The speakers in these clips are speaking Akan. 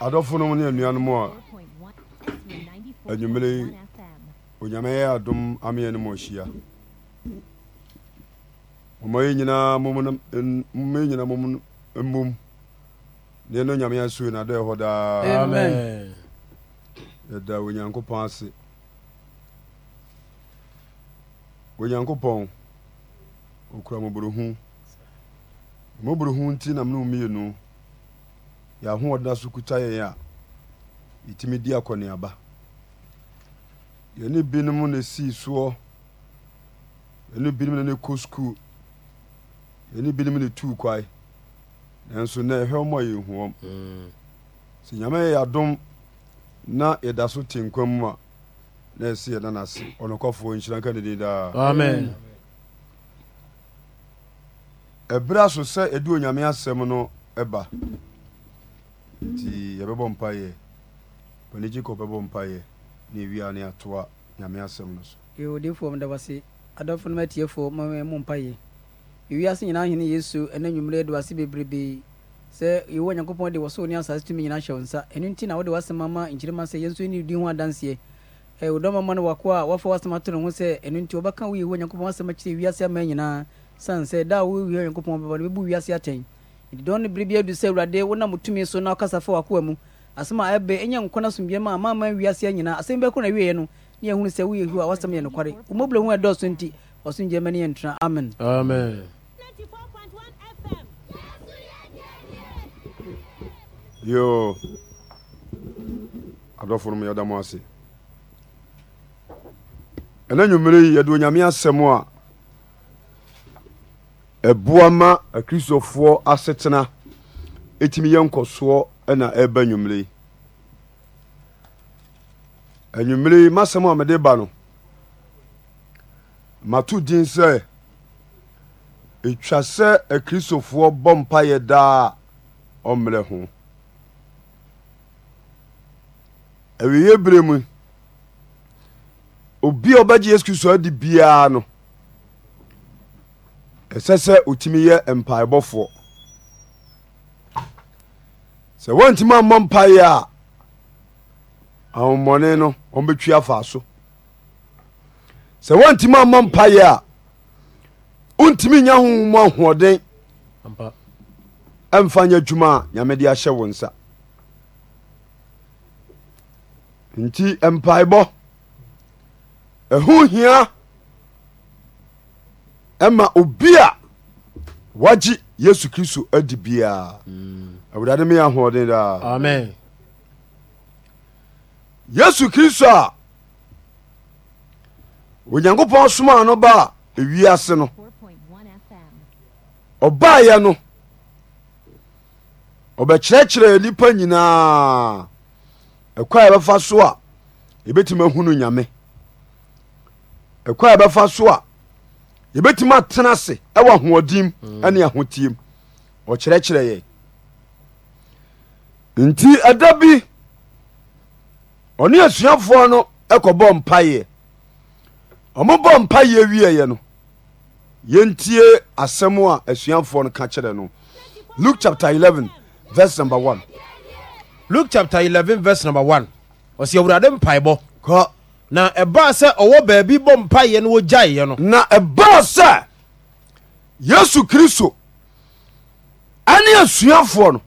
adɔfo no ne anuanom a anwummere onyame yɛ adom ameɛ no ma ɔhyia moma yɛ nyinaa moma yɛ nyinaa mom mmom ne ɛno nyame asoo na dɔ ɛhɔ daa yɛda onyankopɔn ase onyankopɔn ɔkura mmɔborɔhu mmɔborɔhu nti nam ne mmienu yɛahoɔdena so kuta yɛn a yɛtumi di akɔneaba yɛne binom ne sii soɔ yɛne binom ne ne kɔ skuul yɛne binom ne tuu kwae nanso na ɛhwɛ mɔ yɛ huɔm mm. sɛ nyame yɛyɛ adom na yɛda so te nkwa mu a na ɛsɛ yɛda no ase ɔnokɔfoɔ nhyira nka ne din daa amen ɛberɛ so sɛ ɛde onyame asɛm no ɛba nti yɛbɛbɔ mpayɛ bɔne gye kɔ bɛbɔ mpayɛ na a ne atoa nyame asɛm no so yɛwɔdefoɔ mda wase adɔfo no matiefoɔ ma mo mpayɛ ewiase nyinaa hene yesu ɛna nwummerɛ de wase bebrebee sɛ yɛwɔ nyankopɔn de wɔsoo ne asase tumi nyinaa hyɛ wo nsa ɛno nti na wode w'asɛm ama nkyerɛma sɛ yɛnso ɛne di ho adanseɛ wodɔma ma no wako a wafa w'asɛm ato ne ho sɛ ɛno nti wɔbɛka wo yɛwɔ nyankopɔn asɛm akyerɛ wiase ama nyinaa sane sɛ da a wowia nyankopɔn bɛba no bɛbu wiase atɛn didɔn no biribi adu sɛ awurade wonam tumi so na ɔkasa fa wakoa mu asɛm a ɛbɛ ɛnyɛ nkwa no a mama wiase nyinaa asɛm bɛkɔ na wieɛ no ne yɛhunu sɛ woyɛ hu wasɛm yɛ nokware womɔbrɛ hu ɛdɔɔso nti ɔsomdwa ma yɛntena amen yo adɔfo no mu yɛda mo ase ɛna nwummere yi yɛde onyame asɛm a ɛboa ma akristofoɔ asetena ɛtumi yɛ nkɔsoɔ ɛna ɛba nwummere anwummere masɛm a mede ba no mato din sɛ ɛtwa sɛ akristofoɔ bɔ mpayɛ daa ɔmmerɛ ho awieɛ berɛ mu obi a ɔbɛgye yesu kristo adi biara no ɛsɛ sɛ ɔtumi yɛ mpaebɔfoɔ sɛ woantimi ammɔ mpaeɛ a ahommɔne no ɔmbɛtwi afa so sɛ woantimi ammɔ mpaeɛ a wontimi nya hohomu ahoɔden ɛmfa nyɛ adwuma a nyame ahyɛ wo nsa nti mpaebɔ ɛho hia ɛma obi a wagye yesu kristo adi biara mm. awurade meyɛ ahoɔden daa amen yesu kristo a onyankopɔn somaa no ba a ewiase no ɔbaeɛ no ɔbɛkyerɛkyerɛ nnipa nyinaa ɛkwa a ɛbɛfa so a yɛbɛtumi ahunu nyame ɛkwa a ɛbɛfa so a yɛbɛtumi atena ase ɛwɔ ahoɔdim ne ahotiem ɔkyerɛkyerɛ yɛ nti ɛda bi ɔne asuafoɔ no ɛkɔbɔ mpayeɛ ɔmobɔ mpayeɛ wieɛ no yɛntie asɛm a asuafoɔ no ka kyerɛ no luke chapter 11 verse number 1 luke chapter 11 verse number 1 ɔsɛ awurade mpaebɔ na ɛbaa sɛ ɔwɔ baabi bɔ mpaeɛ no wɔgyaeɛ no na ɛbaa sɛ yesu kristo ɛne asuafoɔ no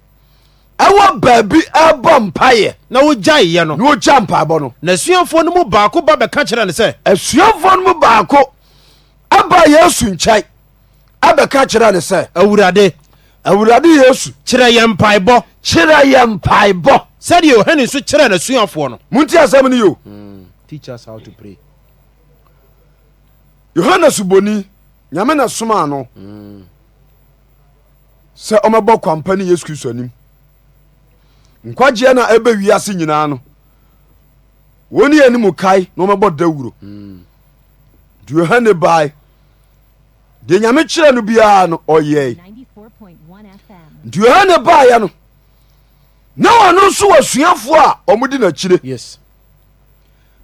ɛwɔ baabi ɛbɔ mpaeɛ na wogyaeɛ no na wogya mpaebɔ no na asuafoɔ no mu baako ba bɛka kyerɛ no sɛ asuafoɔ no mu baako aba yesu nkyɛe abɛka kyerɛ no sɛ awurade awurade yesu kyerɛ yɛ mpaebɔ kyerɛ yɛ mpaebɔ sɛdeɛ yohane nso kyerɛ n'asuafoɔ no monti asɛm no yo yohanes boni nyame ne somaa no mm. sɛ ɔmɛbɔ kwampa ne yesu kristo anim nkwagyea no ɛbɛ wiase nyinaa no wɔ ni yɛ nimu kae na ɔmɛbɔ da wuro mm. nti yohane bae deɛ nyame kyerɛ no biara no ɔyɛi nti yohane baaɛ no na ɔno nso wɔ asuafoɔ a ɔmode nakyire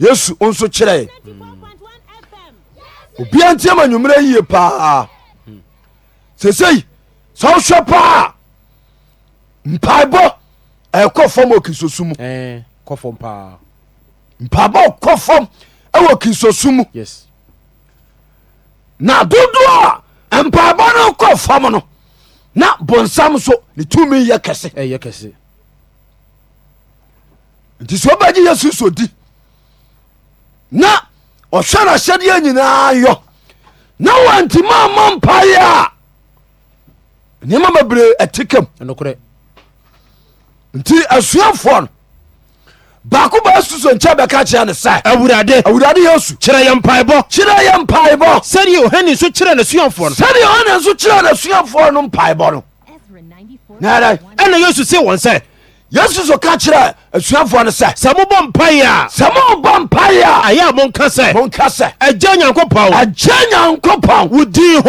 yesu nso kyerɛe obia ntiama nwummerɛ yie paa sesei sɛ wohwɛ paa mpaebɔ ɛkɔ fam wɔ kristosu mu mpaebɔ kɔ fam ɛwɔ kristosu mu na dodoɔ a no kɔ fam no na bonsam so ne tumi yɛ kɛse nti sɛ wobɛgye yesu so di na ɔhwɛ no ahyɛdeɛ nyinaa yɔ na wantima ama mpaeɛ a nneɛma babree atikam nti asuafoɔ no baako baasu so nkyɛ bɛka kyerɛ ne sɛ awurade awurade yesu kyerɛ yɛ mpaebɔ kyerɛ yɛ mpaebɔ sɛdeɛ ohane nso kyerɛ n'asuafoɔ no sɛdeɛ ohane nso kyerɛ n'asuafoɔ no mpaebɔ no ɛna yesu se wɔn sɛ yɛ su so ka kyerɛ asuafoɔ no sɛ sɛ mobɔ mpayi aɛɔ ɛ monka sɛ ɛgya nyankopɔnyanɔ wodin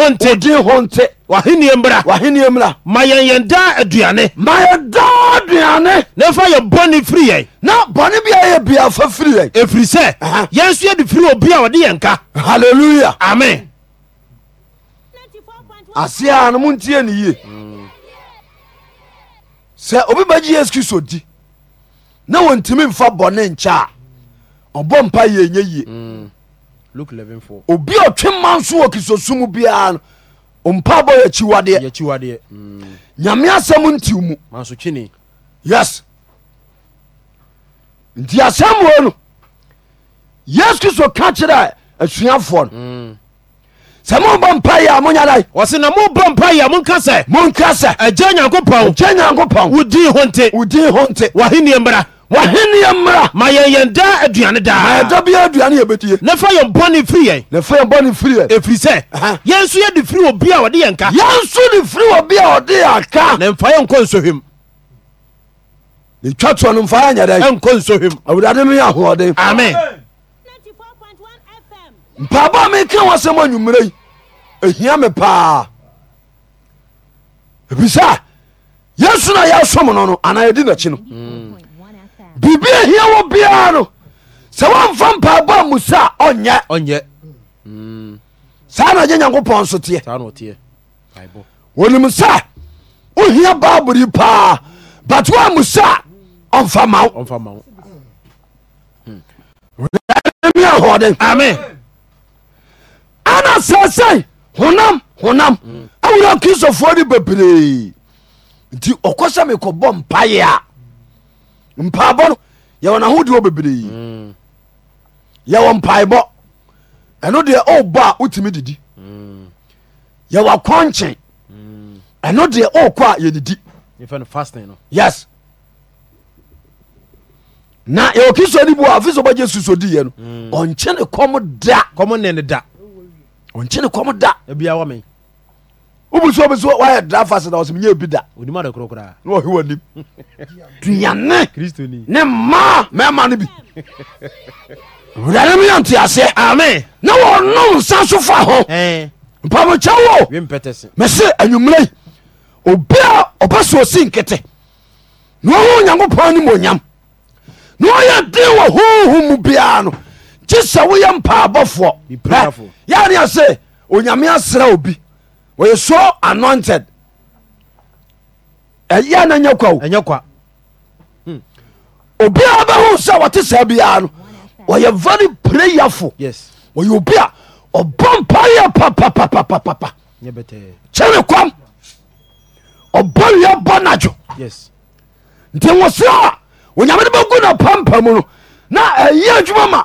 ho ntra ma yɛyɛndaa aduane ma yɛdaa duane na ɛfa yɛ bɔne firiɛ n bɔne aayɛ bafa fr ɛfiri sɛ yɛ so yade firi ɔbi a ɔde yɛnka aeuya ame se n motn sɛ obi bɛgye yesu kristo di na wɔntimi mfa bɔne nkyɛ a ɔbɔ mpa yɛ nyɛ yie mm. obi a ɔtwe ma nso wɔ kristosum biara no ɔmpa bɔ yɛ akyiwadeɛ mm. nyame asɛm ntiw mu yes nti asɛm wei no yesu kristo ka kyerɛ asuafoɔ no mm. sɛ mobɔ payi a moyadaɔs na moba pa moa sɛ oa sɛgye nynpɔyankɔr enmra ayɛyɛnda aduane daaiaaduan ɛb f ɛɔfrfr ɛyɛs yɛde firi ɔbia ɔdeyɛkayɛso de firi ɔ ɔdeɛkamfa yɛnksm wa mfaɛysɛ mpaabɔ meka wɔsɛm anwummera yi ɛhia me paa ebisa yesu na yɛasom no no anaa yɛdi nakyi no biribi ahia wɔ biara no sɛ woamfa mpaabɔ a mu sa ɔnyɛ ɔnyɛ saa na ɛnyɛ nyankopɔn so teɛ wonim sa wohia bible yi paa but wo a mu sa ɔmfa ma wo ame ahoɔden amen ana sɛsɛi honam honam awura kristofoɔ ne bebree nti ɔkɔ sɛ mekɔbɔ mpayɛ a mpaebɔ no yɛwɔ nahodeɛ wɔ bebree yɛwɔ mpaebɔ ɛno deɛ ɔbɔ a wotumi didi yɛwɔ kɔnkye ɛno deɛ ɔkɔ a yɛnidi yes na yɛwɔ kristoni bi wɔ afi sɛ ɔbɛgye susodiiɛ no mm. ɔnkye ne kɔm da ɔnkyene kɔm da ebia wɔ me wobu so obi so wayɛ drafas na ɔsɛ menyɛ bi da onim ade korɔ koraa na ɔhe w'anim duane kristoni ne mmaa mɛma no bi wurade meyɛ nteaseɛ ame na wɔnom nsa so fa ho mpamokyɛ wo mese anwummerɛ obia ɔbɛ so osi nkete na ɔho onyankopɔn anim onyam na ɔyɛ den wɔ hoho mu biara no sɛwoyɛ mpaabɔfoɔyɛnea sɛ onyame aserɛ obi wɔyɛ so anointed yɛnayɛka o hmm. obiabɛho sɛwte sa bia no yɛ vare preyafo yɛobi a ɔbɔ mpaɛp kyɛrekwam ɔbɔ wiɛ bɔ nao ntwose yam n bnpapamu nɛdwaa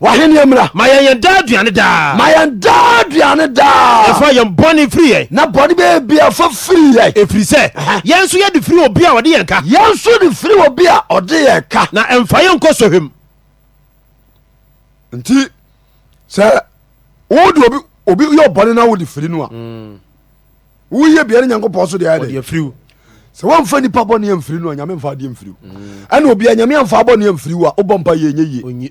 wahene mmra ma yɛyɛ daa aduane daa ma yɛn daa aduane daa ɛfa yɛn bɔne firi yɛ na bɔne bɛɛbia fa firi yɛ ɛfiri sɛ yɛn nso yɛde firi obi a ɔde yɛn ka yɛn nso de firi obi a ɔde yɛn ka na ɛmfa yɛn nkɔ sɔhwɛm nti sɛ wode obi obi yɛ ɔbɔne na wode firi no a mm. woyɛ biara nyankopɔn so deɛ ɛdɛ firiw sɛ wamfa nipa bɔne amfiri no a nyame mfa adeɛ mfiriw mm. ɛna obia nyame amfa bɔne amfiriw a wobɔ mpa yɛnyɛ yie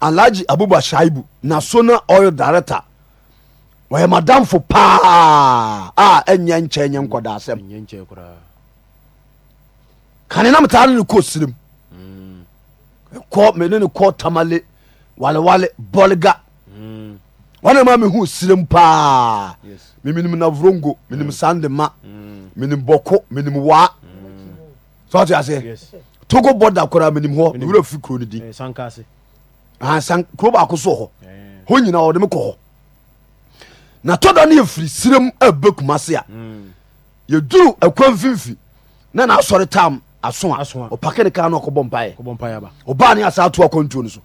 alhaji abuba shaibu national oil director wɔyɛ madamfo paa a ɛnyɛ nkyɛ nyɛ nkɔdaasɛm kane nam taa ne ne kɔ sirim hmm. kɔ mene ne kɔ tamale walewale bɔlga hmm. wane ma mehu sirim paa memenim navrongo menim hmm. sandema menim bɔko menim waa sɛ ɔte aseɛ togo bɔda koraa menim hɔ ne werɛ fi kuro no din ansa kuro baako so hɔ eh. hɔ nyinaa wɔde me kɔ hɔ na tɔdɔ no yɛfiri serem abɛ kuma se a hmm. yɛduru akwa mfimfi na naasɔre tam aso a ɔpake ne kaa na ɔkɔbɔ mpaeɛ ɔbaa ne asa to akɔntuo no so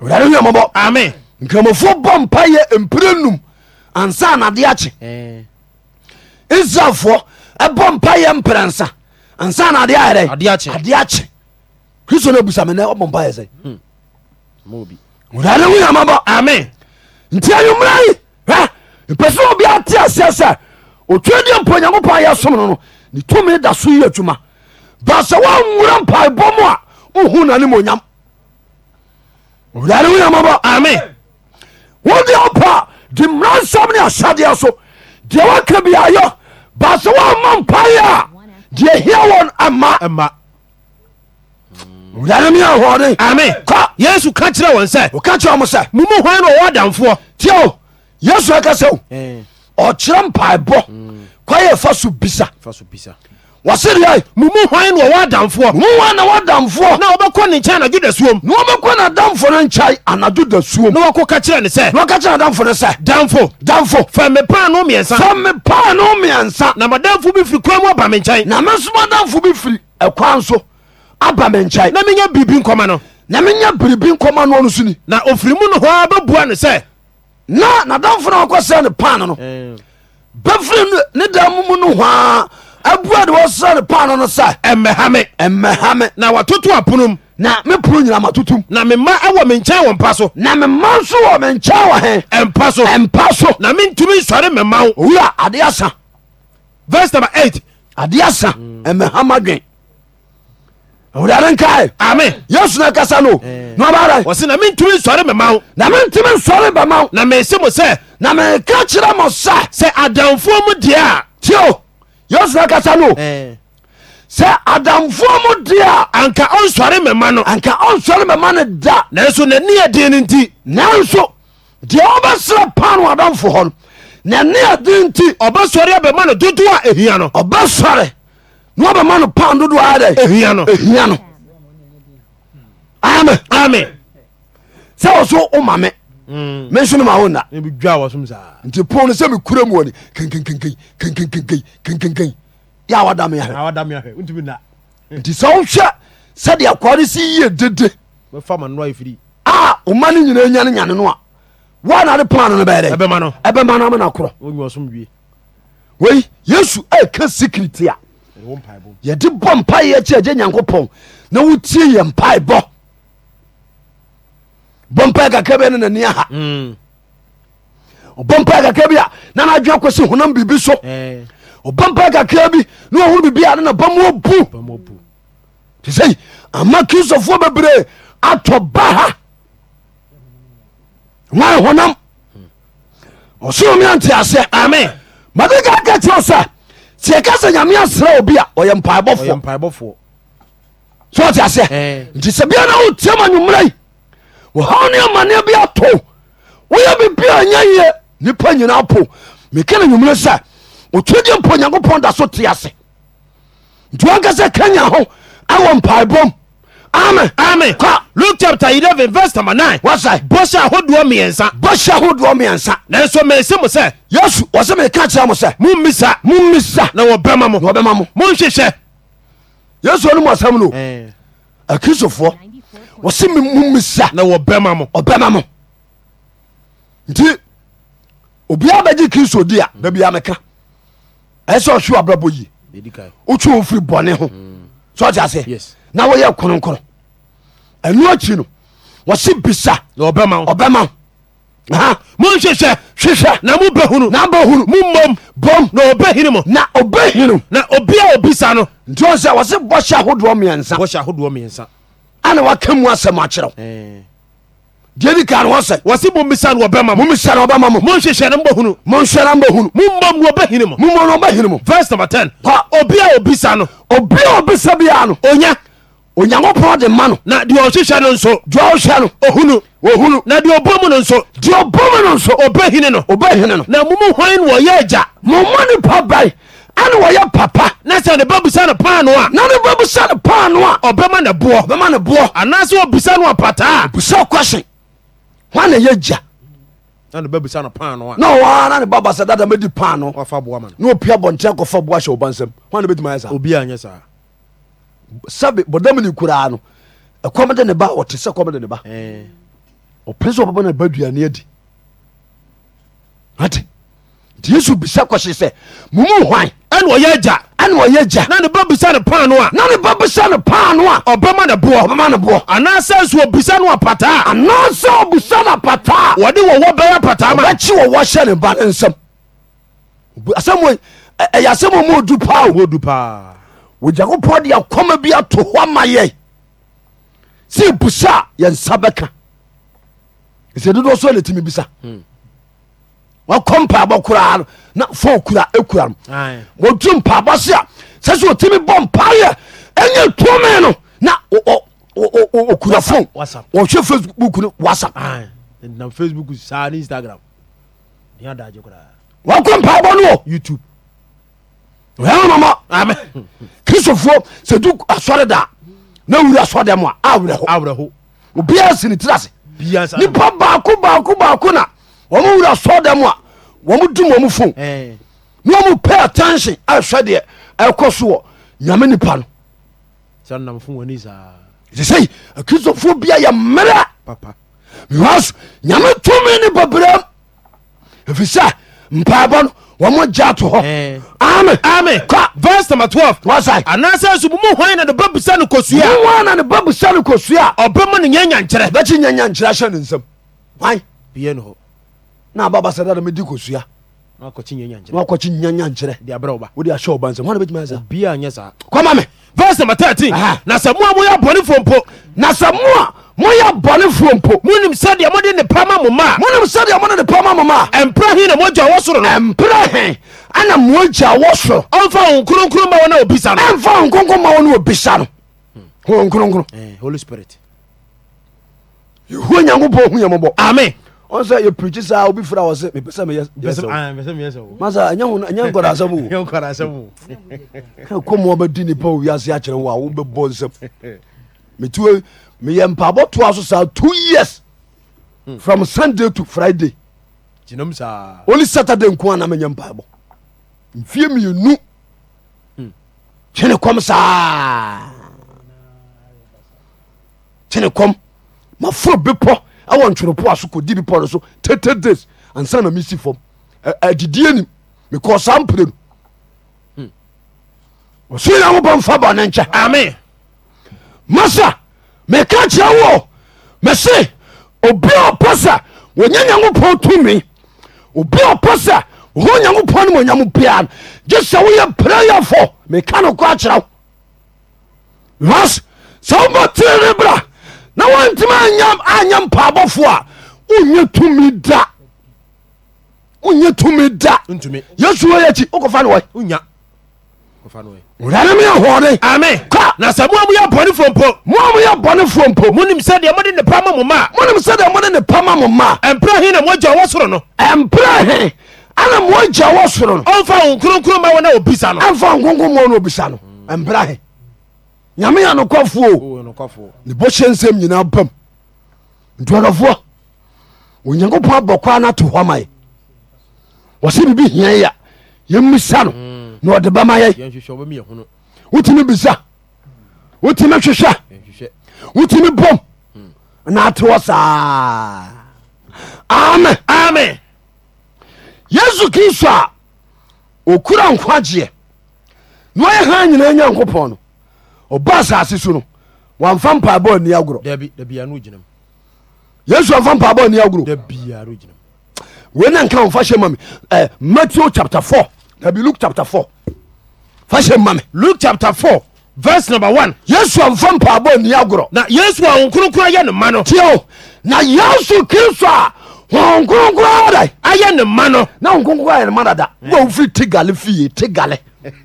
awurade hu yɛmmɔbɔ ame nkramofoɔ bɔ mpaeɛ mpire num ansa anadeɛ akye eh. israelfoɔ ɛbɔ mpaeɛ mprɛnsa ansa anadeɛ ayɛdɛ adeɛ akye timrp td mpa onyankopɔn yɛsoo ne tum da so yi aduma basa wawora mpa boma hunanemuoyam wm wod opa de mra nsamne asadeɛ so dewakabiayo basa wama mpai a de hia wo ma ame yesu ka wɔn sɛ ka yesu m sɛ momu hwan na ɔwɔ adamfoɔ tio yesu ɛka ɔkyerɛ mpaebɔ mm. kwayɛ fa so bisa wɔsedeɛ mumu hwan na wɔwɔ adamfoɔ mumu na wɔ adamfoɔ na wɔbɛkɔ ne nkyɛn anadwo da suom na wɔbɛkɔ na adamfo no na wɔkɔ ka ne sɛ na no sɛ na bi firi kura nkyɛn na me nso madamfo bi ɛkwan aba me nkyɛe na menya biribi nkɔma no na menya biribi nkɔma no ɔno ni na ofiri mu no hɔ a bɛbua no sɛ na nadamfo no wɔkɔsɛ ne pan no eh. bɛfiri ne da mu no hɔ a abua de wɔsɛ ne pan no sɛ ɛmmɛhame ɛmmɛhame na watoto aponom na me pono nyina matotom na mema awɔ me nkyɛn wɔ mpa so na mema nso wɔ me nkyɛn wɔ he ɛmpa so ɛmpa so na mentumi nsɔre mema wo owura ade asa Verse number eight, ade asa mm. ɛmmɛhama dwen wurade nkae ame yesu no kasa no na ɔbara ɔsɛ na mentumi nsɔre me ma wo na mentumi nsɔre ba ma wo na mese mo sɛ na meka kyerɛ mo sa sɛ adamfoɔ mu deɛ a tio yesu no kasa no sɛ adamfoɔ mu deɛ a anka ɔnsɔre me ma no anka ɔnsɔre me ma no da nanso n'ani adin no nti nanso deɛ ɔbɛserɛ pa no adamfo hɔ no n'ani adin nti ɔbɛsɔre abɛma no dodoɔ a ɛhia no ɔbɛsɔre na wabɛma no pound dodoɔ adɛ ɛhia no ame ame sɛ wo so woma me me nso no ma wo nna nti pon no sɛ mekura mu wɔne kenkenkenkenkenkenkenkenkenkenken yɛ awada me yahwɛ nti sɛ wohwɛ sɛdeɛ akware si yie dede a woma no nyina nya no nyane no a woanade plan no bɛɛdɛ ɛbɛma no amana korɔ wei yesu ɛka secret a yede bɔ mpa y cie nyankupn na wotieyɛ mpa bo bo p kakabinanih mm. bpaka b nw kosi hnam bibi s bpakbi hre bibiebamob ma kristof bebr ato baha wa honam osoromeantase mm. maketese tiɛ ka sɛ nyame aserɛ o bia ɔyɛ mpa bɔfoɔsotase nti sɛbiana wo tiama nwumerai hawne amanea bi ato woyɛ bibia yaye nipa nyina po mekena nwummere sɛ ɔtwdee po nyankopɔn da so te ase nti wakasɛ kaya ho awɔ mpabom amen amen kɔ luke chapter eleven verse number nine wasa bɔhyɛ ahodoɔ mmiɛnsa bɔhyɛ ahodoɔ mmiɛnsa nanso mɛnsi mo sɛ yesu wɔsɛ meka kyerɛ mo sɛ mommisa sa. na wɔbɛma mo na wɔbɛma mo monhwehwɛ yesu ɔno mu asɛm no akristofoɔ wɔse mommisa na wɔbɛma mo ɔbɛma mo nti obiaa bɛgye kristo di a babia meka ɛɛ sɛ ɔhwe w'abrabɔ yie wotwe wo firi bɔne ho mm. sɛ ɔte aseɛ na woyɛ kronkro ɛno akyi no wɔse bisa ɔbɛma monhwɛ sɛ hwehwɛ na mobɛhunu na bɛhunu momom bom na ɔbɛhini mo na ɔbɛhinu na obia obisa no nti ɔ sɛ wɔse bɔhyɛ ahodoɔ mmiɛnsa bɔhyɛ ahodoɔ mmiɛnsa ana waka mu asɛm akyerɛw deɛ di kan wɔ sɛ wɔse mommisa no ɔbɛma mo mommisa no ɔbɛma mo monhwehwɛ na mbɔhunu monhwɛ na mbɔhunu mommom na ɔbɛhini mo mommom na ɔbɛhini mo verse number 10 pa obia obisa no obia obisa biara no onya onyankopɔn de ma no na deɛ ɔhwehwɛ no nso deɛ ɔhwɛ no ohunu ohunu na deɛ ɔbɔ mu no nso deɛ ɔbɔ mu no nso ɔbɛhini no ɔbɛhini no na mumu hwan na wɔyɛ agya mɔmɔ nipa bae ɛne wɔyɛ papa na sɛ ne ba busa no paa no a na ne ba busa no paa no a ɔbɛma ne boɔ ɔbɛma ne boɔ anaasɛ ɔbusa no apataa busa kwɛhye hwan na yɛ agya na ne na ɔwaa na ne ba basa dada mɛdi paa no na ɔpia bɔnten akɔfa boa hyɛ wo ba nsɛm hwan na bɛtumi ayɛ saa sɛbe bɔdam ne kuraa no ɛkɔm de ne ba ɔte sɛ kɔm de ne ba ɔpere sɛ ɔbɛbɔ ne ba duane adi ate nti yesu bisa kɔhye sɛ mumu hwan ɛne ɔyɛ agya ɛne ɔyɛ agya na ne ba bisa ne paa no na ne ba bisa ne paa no a ɔbɛma ne boɔ ɔbɛma ne boɔ anaasɛ nso ɔbisa no apataa anaasɛ ɔbisa no apataa wɔde wɔwɔ bɛyɛ apataa ma ɔbɛkye wɔwɔ hyɛ ne ba ne nsɛm asɛm ɛyɛ asɛm a mu odu paa o mu du paa onyankopɔn de akɔma bi ato hɔ ama yɛ sɛ busa a yɛnsa bɛka ɛsɛ dodoɔ so ɛnɛtumi bisa hmm. wakɔ mpaabɔ koraa no na fo kura ɛkura no wɔdu mpaabɔ se a sɛ sɛ ɔtumi bɔ mpaayɛ ɛnyɛ tome no na ɔkura fon wɔhwɛ facebook no whatsapp wakɔ mpaabɔ no wɔ youtube ɔyɛmɔmɔ kristofoɔ sɛ du asɔre da na wuri asɔre dɛ mu a awerɛho obiara si ne tiri ase ah. nipa baako baako baako na wɔn wuri asɔre dɛ mu a wɔn dum wɔn fon na wɔn pay attention ahwɛ deɛ ɛkɔ so wɔ nyame nipa no sisei kristofoɔ bia yɛ mmerɛ because nyame tumi ne babrɛm ɛfisɛ mpaabɔ no wɔmo gya to hɔ ame vers nm 12 wsae anaasɛ asubumu hwan na ne ba busa no kosua na ne ba busa no kosua a ɔbɛ mu ne nyɛ nyankyerɛ bɛkyi nyɛ nyankyerɛ ahyɛ ne nsam hwan bie no hɔ na aba basa dada medi kosua wakɔkye nyɛ nyankyerɛ wode ahyɛ ɔba nsam hwan na bɛtumi asa kɔma me vers nm 13 na sɛ mo a moyɛ abɔne fo mpo na sɛ mo a moyɛ bɔnefoɔ mpo monim sɛdeɛ mode nepa ma mo maa monim sɛdeɛ mode nepa ma mo maa ɛmpra he na moagya wɔ soro no ɛmpra he ana moagya wɔ soro ɔmfa ho nkronkron ma wɔ na obisa no ɛmfa ho nkronkron ma wɔ na obisa no ho nkronkron eh, holy spirit yɛhu onyankopɔn hu yɛmɔbɔ amen wọn sẹ yẹ pirikyi sa obi fura wọn sẹ mi pẹsẹ mi yẹ sẹ wo masa ẹnyẹ hun ẹnyẹ nkọrọ asẹmu wo ẹnyẹ nkọrọ asẹmu wo kọ nipa owi ase wo a wọn bẹ bọ meyɛ mpabɔ toa so saa two years hmm. from sunday to friday only saturday nko ana meyɛ mpabɔ mfie mmienu hmm. kyene kɔm saa kyene kɔm maforo bepɔ ɛwɔ ntworopoa so kɔdi bepɔ no so tete days ansa na mesi fam adidie nim mekɔɔ saa mpire no hmm. ɔsoro nyankopɔn mfa bɔne nkyɛ ame masa meka kyerɛ wo mese obia ɔpɛ sɛ wɔnya nyankopɔn tumi obia ɔpɛ sɛ ɔhɔ nyankopɔn no mɔnyam biaa no gye sɛ woyɛ prayerfo meka no kɔ akyerɛ wo bas sɛ wobɔtere ne bra na wontimi anyɛ mpaabɔfoɔ a wonyɛ tumi da wonyɛ tumi da yesu wɔ yɛkyi wokɔfa ne wɔ wurade meyɛ hoɔde ame ka na sɛ mo a moyɛ bɔnefoɔ mpo mo a moyɛ bɔnefoɔ mpo monim sɛdeɛ mode nepa ma mo ma monim sɛdeɛ mode nepa ma mo ma ɛmprɛ he na moagya wɔ soro no ɛmprɛ he ana moagya wɔ soro no ɔmfa wo nkronkron ma wɔn a obisa no ɛmfa nkronkron ma wɔn a obisa no mm. ɛmprɛ he nyame yɛ nokɔfoɔ ne bɔhyɛ nsɛm nyinaa bam ntuadɔfoɔ onyankopɔn abɔkɔ ana to hɔ ma yɛ wɔ sɛ biribi hia yɛ yɛmmisa no mm na ɔde bama yɛ wotumi bisa wotumi hwehwɛ wotumi bom hmm. na ate wɔ saa amen amen yesu kristo a okura nkwagyeɛ na ɔyɛ ha nyinaa nyankopɔn no ɔba asase so no wamfa mpaabɔ ani agorɔ yesu amfa mpaabɔ ani agorɔ wei na nka wɔmfa hyɛ ma me matthew chapter 4 dabi luke chapter four fashion mami. luke chapter four verse number one. yesu anfa mpaabɔ ni agorɔ. na yesu a nkurukuru yɛ ne ma no. tiɛ o na yesu kristu a nkurukuru da. ayɛ ne ma no. na nkurukuru ayɛ ne ma dada. wo a wofiri ti gale fie ti gale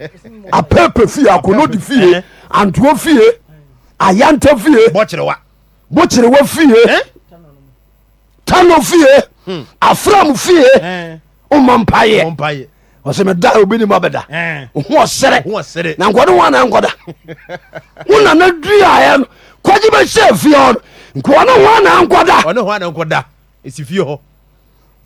apɛɛpɛ fie akonodi fie eh? antuo fie ayanta fie. bɔkyerewa. bɔkyerewa fie. Eh? tano fie. Hmm. afram fie. Eh. o ma mpaeɛ. smedaobmdasrnnkdaonana duaɛno kɔgyebɛsɛfie h kaɔne honnkdas fie h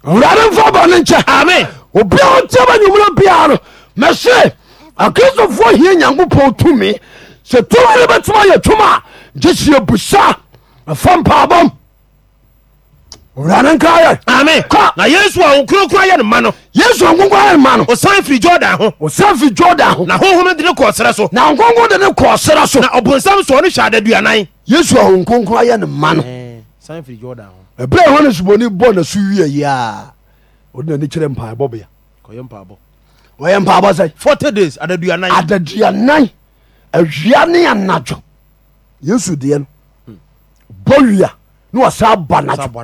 owurade mfa bɔno nky me obio tabawomra bino mɛse akristofoɔ hia nyankopɔn tumi sɛ tomine bɛtoma yɛ twomaa kyesia busa fa mpabam wurade nka yɛ. ami kɔ na yesu a nkunkun ayɛ ne ma no. yesu a nkunkun ayɛ ne ma no. o san firi jordan ho. o san firi jordan ho. na huhum de ne kɔ ɔsrɛ so. na nkunkun de ne kɔ ɔsrɛ so. na ɔbɔnsam sɔ ne hyɛ adaduanan. yesu a nkunkun ayɛ ne ma no. san firi jordan ho. ɛbɛrɛ wɔn ne subɔni bɔ na su wiye yia o de na ne kyerɛ mpaabɔ bia. kɔyɛ mpaabɔ. wɔyɛ mpaabɔ sɛ. forty days adaduanan. adaduanan awia ne anadwo yesu deɛ no hmm. bɔ wia ne wɔsaa ba nadwo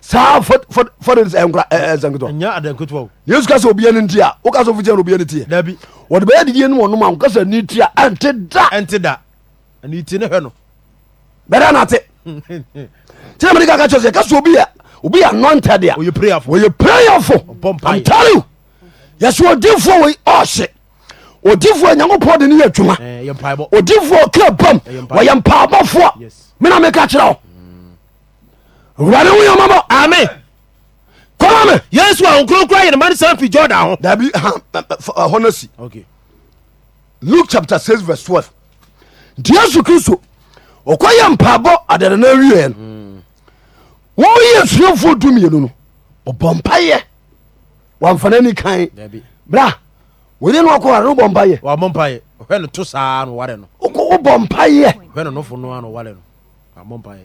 saa fɔdesanketewa yesu ka sɛ obia no nti a woka sɛ fokyɛ no obia no tiɛ wɔde bɛyɛ didie no wɔnom a woka sɛ ni ti a ɛnte da ɛnte da ɛneti ne hwɛ no bɛda na ate kyerɛ mede kaka kyɛ sɛ ɛka obi a obi yɛ anointed a wɔyɛ prayerfo i'm telling you yɛsɛ odifoɔ wei ɔhye oh, odifoɔ nyankopɔn de ne yɛ adwuma odifoɔ kra bam wɔyɛ mpaabɔfoɔ mena meka kyerɛ wo wurade wo yɛ mɔbɔ ame kɔma me yesu a nkurokura yɛnema ne san fi jordan ho dabi hɔ no luke chapter six, verse twelve. 12 nti yesu kristo ɔkɔyɛ mpaabɔ adadana wieɛ no wɔyɛ suafoɔ dumienu no ɔbɔ mpayɛ wamfana ni kan bra wòye ni wakɔ wàrɛ wòbɔ mpayɛ. wàbɔ mpayɛ ɔhɛ no to saa no wàrɛ no. wòbɔ mpayɛ. ɔhɛ no nɔfɔ no ano wàrɛ no wàbɔ mpayɛ.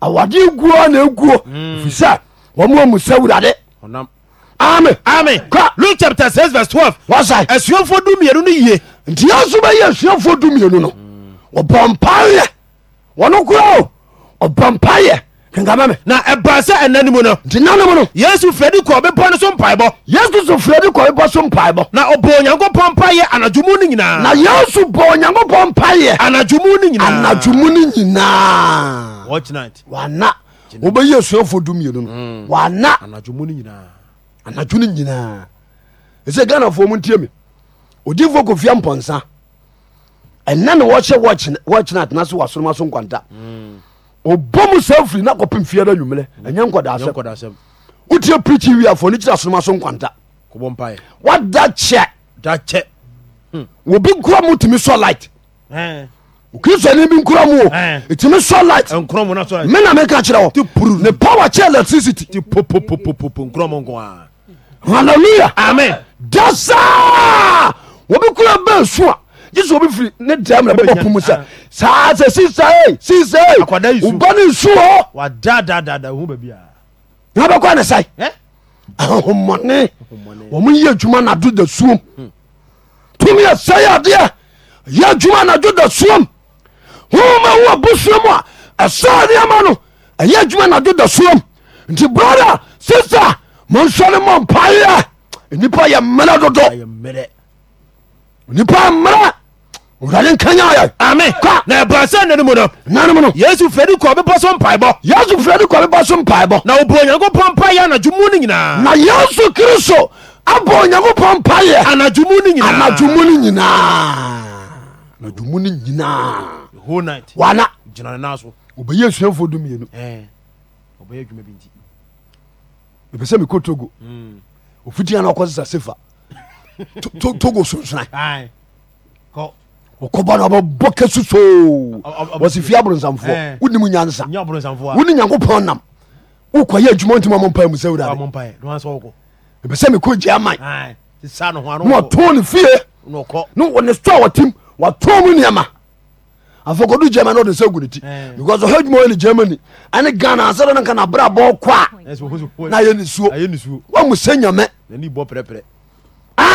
awade guo na eguo fi sɛ wɔn a mu sɛ wurade ami ami kɔ luke chapter six verse twelve wasa asuafo du mienu no yie nti yasu bɛ yɛ asuafo du mienu no mm. ɔbɔ mpa yɛ wɔn kura o ɔbɔ mpa yɛ kenkamame na ɛba sɛ mu no nti nane mu no yesu firɛdi kɔ bepɔ no so mpaebɔ yesu so firɛdi kɔ bepɔ so mpaebɔ na ɔbɔ onyankopɔn mpayɛ anadwo mu no nyinaa na yesu bɔ onyankopɔn mpayɛ anadwo mu no nyinaa anadwo mu no nyinaa wana wobɛyɛ asuafoɔ dumienu no mm. wana anadwo mu nyinaa anadwo no nyinaa ɛsɛ ghanafoɔ mu ntie me odiyifoɔ kɔfia mpɔnsa ɛna ne wɔhyɛ wɔkyena atena so wasoroma so nkwanta mm ɔbɔ mu saa firi na kɔpem fie no anwumerɛ ɛnyɛ nkɔdaasɛm wotie prikyi wie afɔ ne kyerɛ asonoma so nkwanta wada kyɛ dakyɛ hmm. obi nkura mu tumi sɔ light okristoni bi nkura mu o ɛtumi sɔ light me na meka kyerɛ hɔ ne power kyɛ electricity halleluya dasa obi kura bɛ su a jesu obi firi ne dam na bɛbɔ pum sa ah. saa sɛ sisae sisae woba ne nsu hɔ na bɛkɔ ne sae ahommɔne wɔmo yɛ adwuma nado da suom hmm. tumi ɛsɛe adeɛ yɛ adwuma nado da suom homma ho abosuo mu a ɛsɛ nneɛma no ɛyɛ adwuma nado da suom nti brother sister monsɔre mɔ mpaeɛ nipa yɛ mmerɛ dodo nipa mmerɛ wurade nkanyayɛ ame ka na ɛbra sɛ nne no mu no nanom no yesu firi kɔ bepɔ so mpaebɔ yesu firi de kɔ bepɔ so mpaebɔ na ɔbɔ onyankopɔn mpayɛ anadwo mu no nyinaa na yesu kristo abɔ onyankopɔn mpayɛ anadwo mu no nyinaa anadwo mu no nyinaa anadwo mu no nyinaa wana gyina ne nan so obɛyɛ asuafoɔ dumienu ɔbɛyɛ adwuma bi nti mepɛ sɛ mekɔ togo hmm. ofitiana ɔkɔ sesa sefa togo sonsona so eh. na gean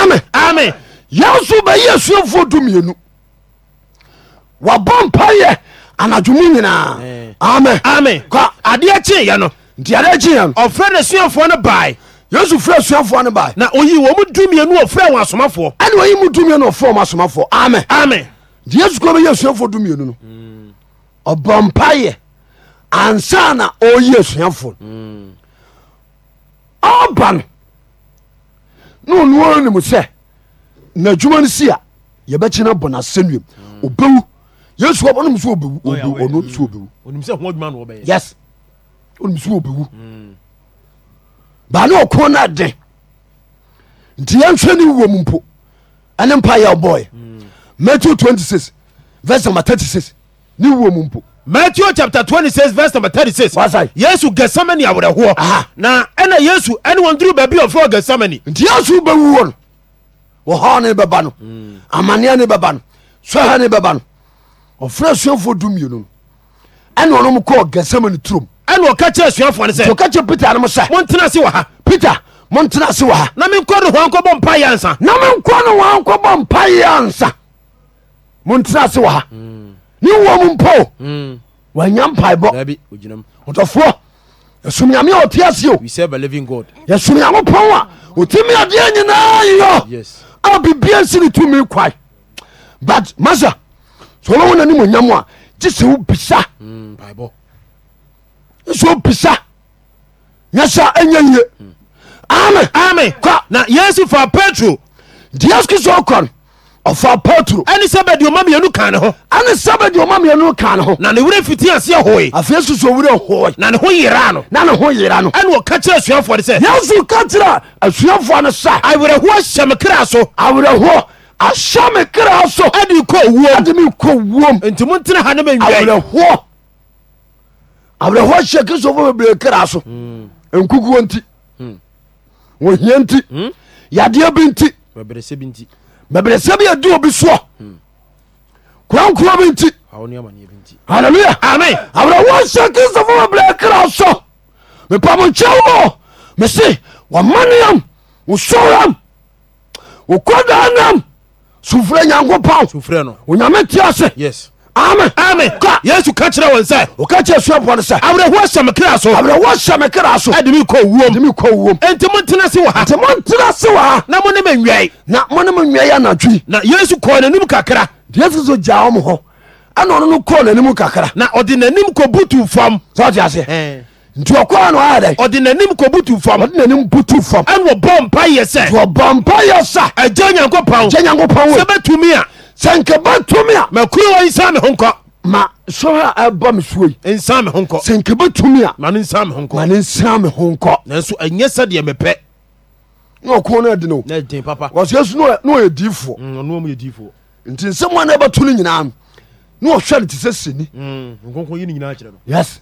ns a yaso beye suaf dminu wɔbɔ mpayɛ anadwomu nyinaa eh. amen adeɛ kyeeɛ no nti adeɛ kyeeɛ no ɔfrɛ ne suafoɔ no bae yesu frɛ asuafoɔ no bae na oyi wɔ mu dumienu ɔfrɛ wɔn asomafoɔ ɛne oyi mu dumienu ɔfrɛ wɔn asomafoɔ amen amen nti yesu kuro bɛyɛ asuafoɔ dumienu no ɔbɔ mpayɛ ansa na ɔyi asuafoɔ no ɔba no na ɔnuanim sɛ n'adwuma no si a yɛbɛkyena bɔ n'asɛnnuam ɔbɛwu yesu ɔnum so obewu oh, obewu ɔnum so obewu. onim sɛ ɔmo adwuma na ɔbɛyɛ. yes onim so obewu. Hmm. baani ɔkun na den nti yɛn nhwɛ ni wɔ mu mpo ɛne mpa yɛ ɔbɔ hmm. yɛ matthew twenty six verse number thirty six ni wɔ mu mpo. matthew chapter twenty six verse number thirty six. wasa yi. yesu gɛsɛmɛ ni awurɛhoɔ. na ɛna yesu ɛni wɔn duru baabi ɔfrɛ gɛsɛmɛ ni. nti yesu bɛ wu wɔn wɔ hɔ ne bɛ ba no hmm. amaneɛ ne bɛ no ɔfrɛ asuafoɔ dumienu ɛne ɔnom kɔɔ gɛsamane turom ɛne ɔka kyerɛ asuafoɔ no sɛ ɔka kyerɛ peter nom sɛ montena ase wɔ ha peter montena ase wɔ ha na menkɔ ne hwankɔbɔ mpa yɛ ansa na menkɔ ne hwankɔbɔ mpa yɛ ansa montena ase wɔ ha ne wɔ mu mpo wanya mpaebɔ ɔdɔfoɔ yɛsom nyame a ɔte ase o yɛsom nyankopɔn a ɔtumi adeɛ nyinaa yɔ a bibia nsi ne tumi kwae but masa sọ wọn nani mo nyamu a jisẹ wo bisa nso mm, bisa nyasa enya yie amen amen kọ na yesu fa petro dias kristu ọkọ no ɔfa petro ɛne sɛbɛde ɔma mmienu ka ne ho ɛne sɛbɛde ɔma mmienu ka ne ho na ne werɛ fiti aseɛ hoe afei susu werɛ hoe na ne ho yeraa no na ne ho yera no ɛne ɔka kyerɛ asuafoɔ de sɛ yesu ka kyerɛ asuafoɔ no sa so awerɛhoɔ se me krse riortttbrse krk tisropamkes man r sufrɛ nyankopɔn onyame tea se amen amen ka yesu ka kyerɛ wɔn sɛ o ka kyerɛ suapɔ no sɛ awerɛhoɔ hyɛ me kra so awerɛhoɔ hyɛ me kra so ɛde me kɔ wuom de kɔ wuom enti montena se wɔ ha nti montena se wɔ ha na mo ne me nwɛe na mo ne me nwɛe anadwiri na yesu kɔɔ n'anim kakra yesu so gyaa wɔm hɔ ɛna ɔno no kɔɔ n'anim kakra na ɔde n'anim kɔ butu fam sɛ ɔte aseɛ nti ɔkɔa no ɔyɛdɛ ɔde n'anim kɔbutu fam ɔde n'anim butu fam ɛna ɔbɔ mpa yɛ sɛ ɔbɔ mpa yɛ sɛ agya nyankopɔn agya nyankopɔn wei sɛ bɛtumi a sɛ nkɛba tumi a makuro wɔ nsa me ho nkɔ ma sɔrɔ a ɛba me suo yi nsa me ho nkɔ sɛ nkɛba tumi a ma ne nsa me ho nkɔ ma ne nsa me ho nkɔ nanso ɛnyɛ sɛdeɛ mepɛ na ɔkɔn no ɛdi no na ɛdi papa wɔsi esu na ɔyɛ diifoɔ mm, ɔno ɔmo yɛ diifoɔ nti nsɛm a na ɛbɛto no nyinaa no na ɔhwɛ no te sɛ sini mm, nkonko yi ni nyinaa kyerɛ no yes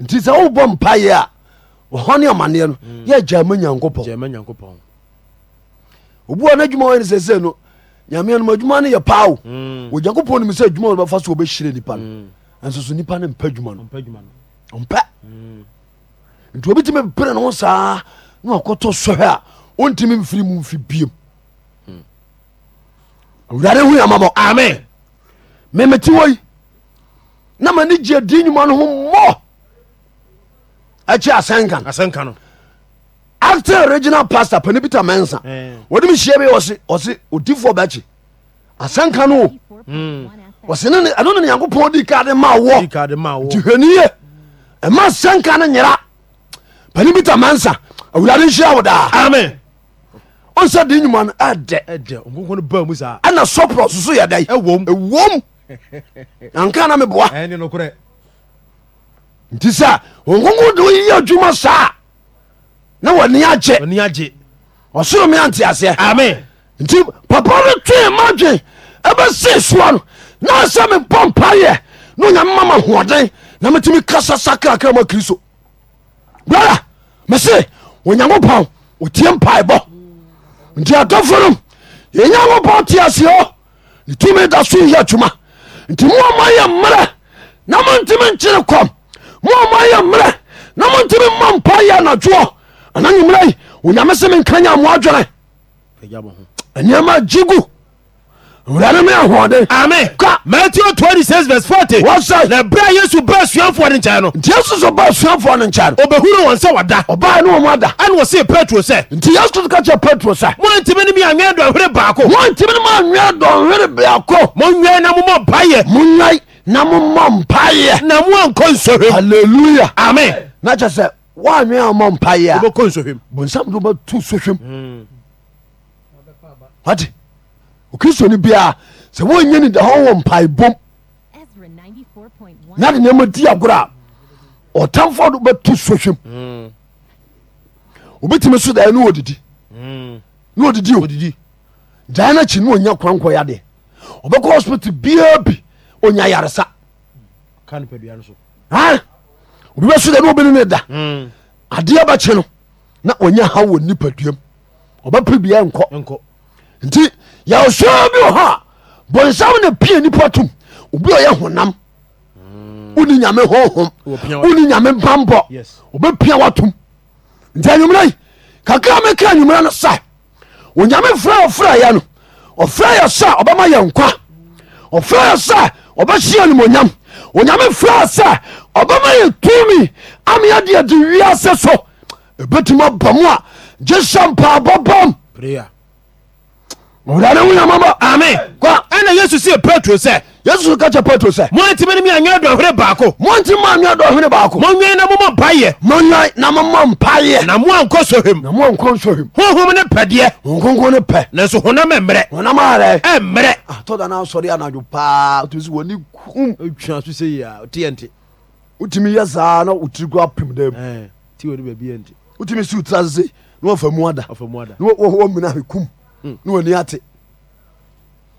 nti sɛ wobɔ mpayɛ a wɔhɔne amaneɛ no mm. yɛ gyama nyankopɔn obua no adwuma wɔyɛ no sɛsɛ no nyame nom adwuma no yɛ pao mm. onyankopɔn nim sɛ adwuma wɔbɛfa so wɔbɛhyire nipa no mm. nsoso nipa no mpa adwuma no mpɛ nti obi tumi pere ne ho saa na wakɔtɔ sɔhwɛ a ɔntumi mfiri mu mfi biam awurade hu yamabɔ amen memete wɔ yi na ma ne gye di nnwuma no ho mmɔ akyi asɛnkan actin regional pastor pani peter mensa eh. wɔdem hyia bi ɔse ɔse odifoɔ bɛkyi asɛnka no o ɔse hmm. ɛno ne nyankopɔn di kade ma wɔ nti hwɛniye ɛma asɛnka no nyera pani peter mensa awurade nhyira wo daa amen ɔnsa de nwuma no ɛdɛ ɛna sopro soso yɛ dɛ ɛwom anka na meboa nti sɛ onkonko de woyɛ adwuma saa na wɔne agye ɔniagye ɔsoro me ante aseɛ nti papa no twee ma dwen ɛbɛsee soa no na sɛ mebɔ mpayɛ na onyame mama hoɔden na metumi kasa sakrakra ma kristo brada mese onyankopɔn otie mpaebɔ nti adɔfo no yɛnyankopɔn te aseɛ o ne tumi da so yɛ adwuma nti moɔma yɛ mmerɛ na montimi nkyere kɔm momayɛ mmerɛ na montimi mma mpa yɛ anadwoɔ ana nwummerai onyame se menka nya mmoa adwene ɛneɛma gye gu wurade me ahoɔden ame ka matthew 26 vs 40 wɔsɛ na berɛ a yesu baa asuafoɔ no nkyɛn no nti yesu so baa asuafoɔ no nkyɛn no obɛhunu wɔn sɛ wɔda ɔbaa ne wɔm ada ɛne wɔsee petro sɛ nti yesu so ka kyerɛ petro sɛ moantimi no mi anwɛn dɔnhwere baako moantimi no ma anwɛn dɔnhwere baako monwɛn na momɔ bayɛ monwae na mommɔ mpayɛ na moankɔ nsohwem alleluya amen na kyɛ sɛ woanwe a ɔmmɔ mpayɛ a wobɛkɔ nsohwem bonsam de wobɛto sohwem hmm. wate okristoni biaa sɛ wonya ni da hɔ wɔ mpae bom na de nneɛma di agorɔ a ɔtamfoɔ de wobɛto sohwem wobɛtumi hmm. so daɛ ne wɔdidi hmm. ne wɔdidi o daɛ no akyi ne wɔnya kwankɔ yadeɛ ɔbɛkɔ hospital biaa bi onya yaresa obi bɛso dɛ ne obɛne ne da hmm. adeɛ bɛkye no na onya ha wɔ nipaduam ɔbɛpere bia nkɔ nti yɛwosoo bi wɔ hɔ a bonsam na pie nipa tom obi ɔyɛ honam wone hmm. nyame hohom wone nyame bambɔ obɛpia watom nti anwumera yi kakra meka anwumera no sa onyame frɛ ɔfrɛ yɛ no ɔfrɛ yɛ sa ɔbɛma yɛ nkwa ɔfrɛ yɛ sa ɔbɛsyia ne muonyam onyame fraa sɛ ɔbɛma yɛ tumi ameyɛdeɛ de wiase so obɛtimi ɔba mo a gye syɛ mpaa bɔbɔ m oanwuyamɔbɔ amen ka ɛna yesu sɛ ɛpraturo sɛ yesu ka kyɛ petro sɛ moantimi no mianyɛ dɔhwere baako montimi anyɛ dɔhwere baako monwɛn na momɔ mpayɛ monwɛn na momɔ mpayɛ na moankɔ sohem na moankɔ sohem honhom ne pɛdeɛ honkonko ne pɛ nanso honam mmerɛ honam arɛ ɛmmerɛ atɔda ah, no asɔre anadwo paa wotumi sɛ wɔne kum twa so sɛ yi a woteyɛ nte wotumi yɛ saa na wotiri kora pem da mu wotumi sɛ wotira se na wafa mu ada na wɔmina ahekum hmm. na wani ate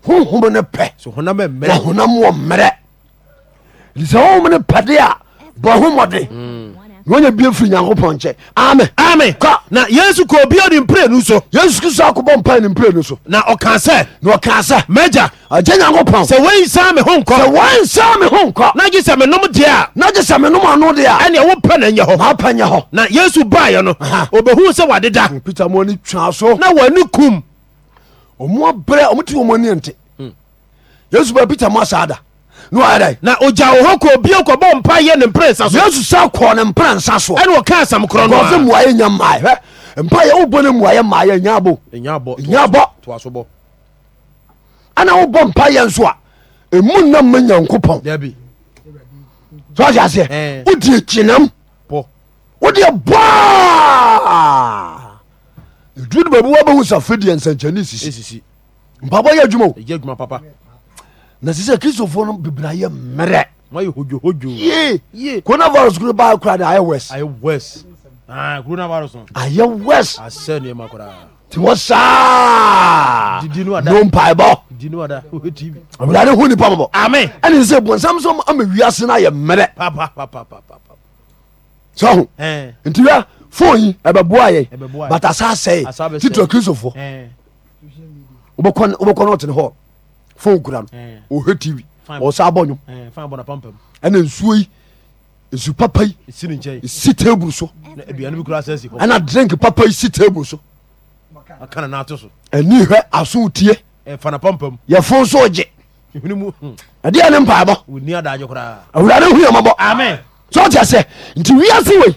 p pɛ h f yaɔɛye neprɛanɛasɛasɛayankpɔsaosaosɛ men eɛsɛ mennwopɛ nyɛhɛɛh n yesu baɛ no bɛhu sɛ wadeda as romtmn nte ys baetemsadyesu sa k ne mpra nsa suayamuyɛ nwobɔ mpayɛso a munama yankopɔ wod kinamo ɛduru no baabi wabɛhu sa fɛdiɛ nsɛnkyɛne sisi mpabɔ yɛ adwuma o ɛyɛ adwuma papa na sisɛ kristofoɔ no bebree ayɛ mmerɛ wọ́n yẹ hojohojo. yee yee coronavirus kúrò báyìí kúrò àdé ayé west. ayé west ah coronavirus náà. ayé west. asẹ́ ni ẹ ma kọ́ra. tí wọ́n sáá. didi nu ada. nompa ẹ bọ. didi nu ada o ye tv. awurade hu nipa bọ. ami. ẹni sẹ bọnsam sọ ma ama wiase náà yẹ mẹrẹ. papa papa papa. sọhun ntiya fone yi ɛbɛboa yɛ but asa asɛe titɔ kristofoɔ wobɛkɔ no ɔtene hɔ fone kura no ɔhɛ tv ɔsa bɔ nwom ɛna nsuo yi nsu papa yi si table so ɛna drink papa yi si table so ɛni hwɛ aso tie yɛfo so gye ɛdeɛ ne mpaebɔ awurade hu yamabɔ sɛ ɔte sɛ nti wiase wei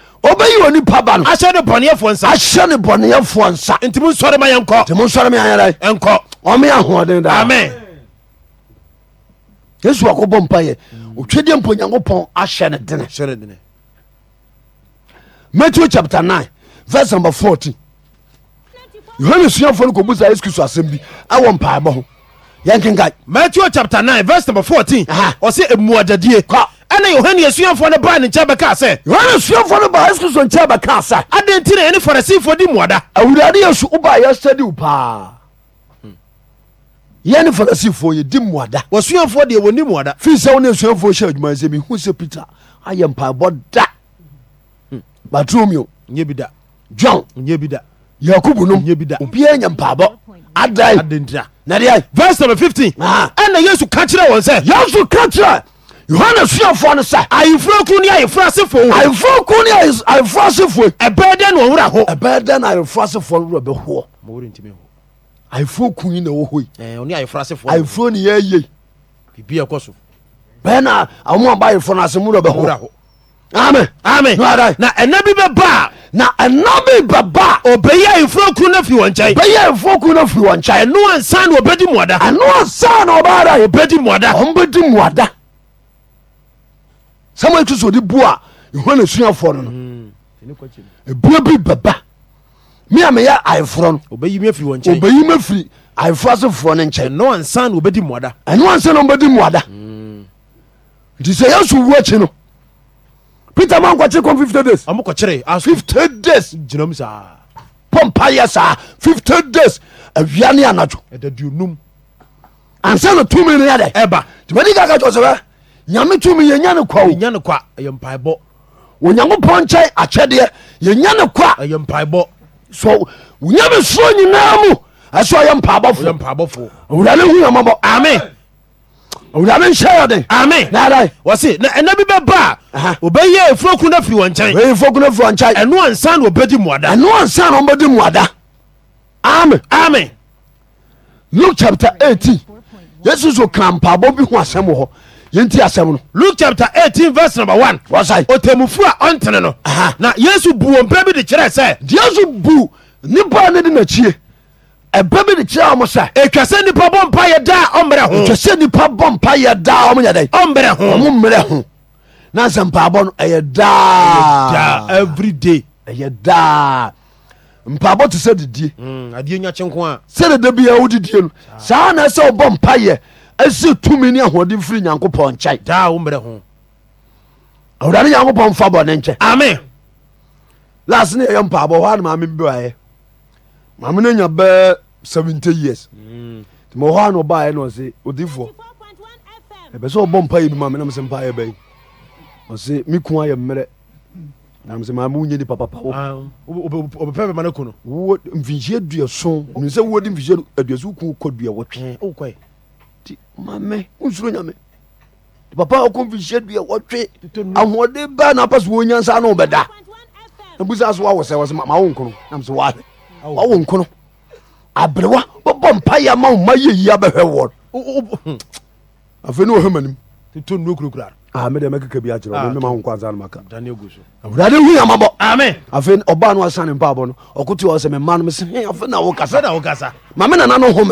obɛyi wɔ nipa ba no ahyɛ ne bɔneyɛfoɔ nsa ahyɛ ne bɔneyɛfoɔ nsa nti mo nsɔre ma yɛ nkɔ nti mo nsɔre ma yɛ yɛrɛ nkɔ ɔmo yɛ ahoɔden daa amen yesu akɔbɔ mpayɛ otwedeɛ mpo nyankopɔn ahyɛ ne dene ahyɛ ne dene matthew chapter nine verse number fourteen yohane suafoɔ no kɔbu sa yesu kristo asɛm bi awɔ mpaebɔ ho yɛnkenkae matthew chapter nine verse number fourteen ɔsɛ emuadadie kɔ ɛna yohane asuafoɔ no baa ne nkyɛn bɛkaa sɛ yohane asuafoɔ no baa yesu kristo nkyɛn bɛkaa sɛ adɛn nti na ɛne farisifoɔ di mmuada awurade yesu wobaa yɛsɛde wo paa yɛne farisifoɔ yɛdi mmuada wasuafoɔ deɛ wɔni mmuada fii sɛ wo ne asuafoɔ hyɛ adwuma sɛ mehu sɛ peter ayɛ mpaebɔ da batromio nyɛ bi da john nyɛ bi da yakubu nom nyɛ bi da obiaa nya mpaebɔ adan na deɛ verse number 15 ɛna ah. yesu ka kyerɛ wɔn sɛ yesu ka kyerɛ yohane suafoɔ no sɛ ayeforo ku ne ayeforo asefoɔ ayeforo ku ne ayeforo asefoɔ ɛbɛyɛ dɛn na ɔwura ho ɛbɛyɛ dɛn na ayeforo asefoɔ no wura bɛhoɔ ayeforo ku yi na ɛwɔ hɔ yi ɔne ayeforo asefoɔ ayeforo ne yɛyɛ bibi ɛkɔ so bɛyɛ na ɔmo aba ayeforo no ase mu wura bɛhoɔ amen amen na ɛna bi bɛba na ɛna bi bɛba ɔbɛyɛ ayeforo ku no fi wɔn nkyɛn bɛyɛ ayeforo ku no fi wɔn nkyɛn ɛno ansa na ɔbɛdi muada ɛno ansa no fi wɔn nkyɛn ɛno ansa na ɔbɛyɛ ayeforo ku no fi wɔn samuel kristo de bu a yohane suafoɔ no no eburo bi bɛba mi a mi yɛ ayeforɔ no obeyi mi afiri ayeforɔ asefoɔ no nkyɛn ɛno ansan na obedi muada ɛno ansan na obedi muada nti sɛ yasu wu akyi no peter man kɔkye kɔn fifty days ɔmo kɔkyere fifty days gyina mu saa pɔmpa yɛ saa fifty days awia ne anadwo ɛdɛ duonum ansan na tumi ne yɛ dɛ ɛba tìmɛ di kaka jɔ yamtyyan yankpɔ ky ɛa kwasyinamɛn ɛba ɛyɛffk ha8 ka mpabɔhomh yɛnti asɛm no luke chapter 18 verse number 1 wɔsae ɔtɛmufu a ɔntene no na yesu bu wɔ mprɛ bi de kyerɛ sɛ nti yesu bu nnipa ne de nakyie ɛbɛ bi de kyerɛ ɔmo sɛ ɛtwa sɛ nnipa bɔ mpa yɛ da a ɔmmerɛ ho ɛtwa sɛ nnipa bɔ mpa yɛ da a ɔmo yɛ dɛ ɔmmerɛ ho ɔmo mmerɛ ho na sɛ mpaabɔ no ɛyɛ daa everyday ɛyɛ daa mpaabɔ te sɛ didie hmm, adeɛ nya kyenko a sɛ deda bia wodidie no saa na ɛsɛ wobɔ mpayɛ ɛsi tumi ne ahoɔden firi nyankopɔn nkyɛn daa wo mmerɛ ho awurade nyankopɔn mfa bɔne nkyɛn ame last ne ɛyɛ mpaabɔ hɔ a ne maame bi baeɛ maame no anya bɛɛ 70 years nti mɛ hɔ a na ɔbaeɛ na ɔse odifoɔ ɛbɛ sɛ ɔbɔ mpa yɛ bi maame nam sɛ mpa yɛ bɛyi ɔse me ku ayɛ mmerɛ nam maame wonyɛ nipa papa wo ɔbɛpɛ bɛma no ku no mfinhyia aduason ɔnu sɛ wodi mfinhyia aduason ku dua wɔtwe mame wonsuro nyame papa ɔkɔ mfihyia dua wɔtwe ahoɔden ba na apa so wɔnyansa no wobɛda na busa so wawo sɛ wɔ sɛ mawo nkono nam sɛ wahwɛ wawo nkono aberewa bɛbɔ mpayɛ ma wo ma yɛyi abɛhwɛ wɔ hmm. afei ne wɔhɛ manim ah, mede mɛkeka bi akyerɛ ah, mema ho nkɔ ansa no maka awurade hu amabɔ afei ɔba no asane mpabɔ no ɔkote ɔ sɛ mema nom sɛ afei na wokasa mame nana no home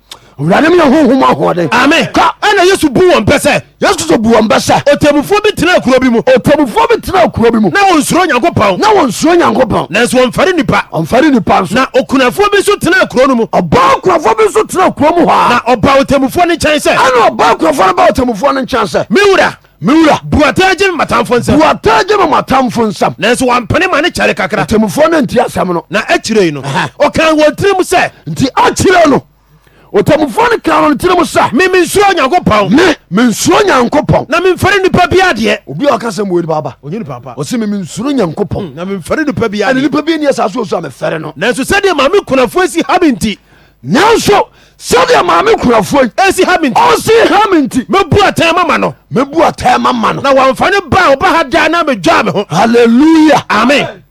owurade mi yɛ huhum ahoɔden. ami ka ɛna yesu bu wɔn pɛsɛ. yesu so bu wɔn pɛsɛ. otɛmufoɔ bi tena kuro bi mu. otɛmufoɔ bi tena kuro bi mu. na wɔn nsoro nyanko pɔn. na wɔn nsoro nyanko pɔn. nanso wɔn fari nipa. wɔn fari nipa nso. na okunafoɔ bi nso tena kuro no mu. ɔbaa okunafoɔ bi nso tena kuro mu hɔ. na ɔbaa otɛmufoɔ ne nkyɛn sɛ. ɛna ɔbaa okunafoɔ no ba otɛmufoɔ ne nkyɛn sɛ. mi wura miwura. buwata jẹ mi matamfo nsam. buwata jẹ mi wa mpene ma ne kyɛre kakra. tẹmufoɔ ne nti asɛm no. na ɛkyerɛ yi no. ɔkan wɔ tirim sɛ. nti akyerɛ no ɔtamufo no ka no tirim sa memensuro onyankopɔn me mensuro nyankopɔn na memfɛre nipa bi adeɛ obi a ɔka sɛ mowɔ nipa ba ɔnyɛ nipa ba memensuro nyankopɔn hmm, na memfɛre nipa bi adeɛ ɛne nipa bi ni ɛsa so ɔso a mefɛre no nanso sɛdeɛ maame kunafoɔ asi ha me nti nanso sɛdeɛ maame kunafoɔ ɛsi ha me ɔsi ha me nti mɛbu atɛn mama no mɛbu atɛn mama no na wɔamfa ne ba a wɔba ha daa na medwaa me ho halleluya amen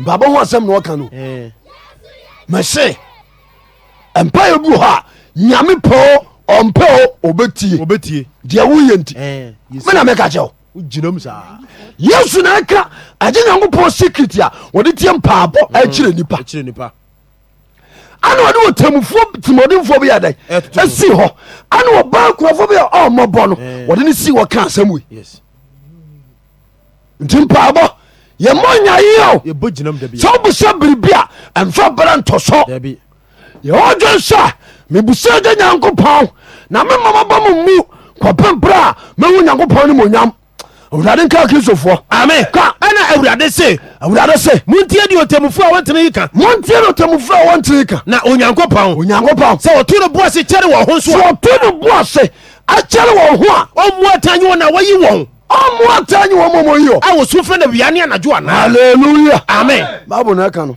mpabɔ ho asɛm na ɔka no eh. mɛse mpayɛ bi hɔ a nyame pɛo ɔmpɛo obɛtie deɛ woyɛ nti eh, mena meka kyɛwo yesu na ɛka agye nyankopɔn secret a wɔde tiɛ mpaabɔ mm. akyirɛ nipa ana wɔde wɔ tamufoɔ timɔdenfoɔ bi yɛdɛn eh, asi hɔ ana wɔba kurɔfoɔ bi a ɔmmɔbɔ no eh. wɔde no sii wɔka asɛm wei nti mpaabɔ yɛmmɔ nyayeo sɛ wobosɛ biribi a ɛmfa bra ntɔ yɛwɔdwe sɛ mebusa gye nyankopɔn na mi memamabɔ mo mu kɔpemprɛ a mehu nyankopɔn no monyam awurade nka kristofoɔ ame ka ɛna awurade se awurade se montie deɛ ɔtammufoɔ a wɔntene yi ka montie deɛ ɔtammufoɔ a wɔntene yi ka na onyankopɔn onyankopɔn sɛ ɔto no bo ase kyɛre wɔ ho so sɛ ɔto no bo ase akyɛre wɔ ho a ɔmmoa ta nye wɔn na wɔyi wɔn ɔmmoa ta nye wɔn mɔmɔ yi ɔ a wɔsu fɛ na wia ne anadwo anaa aleluya amen bible na no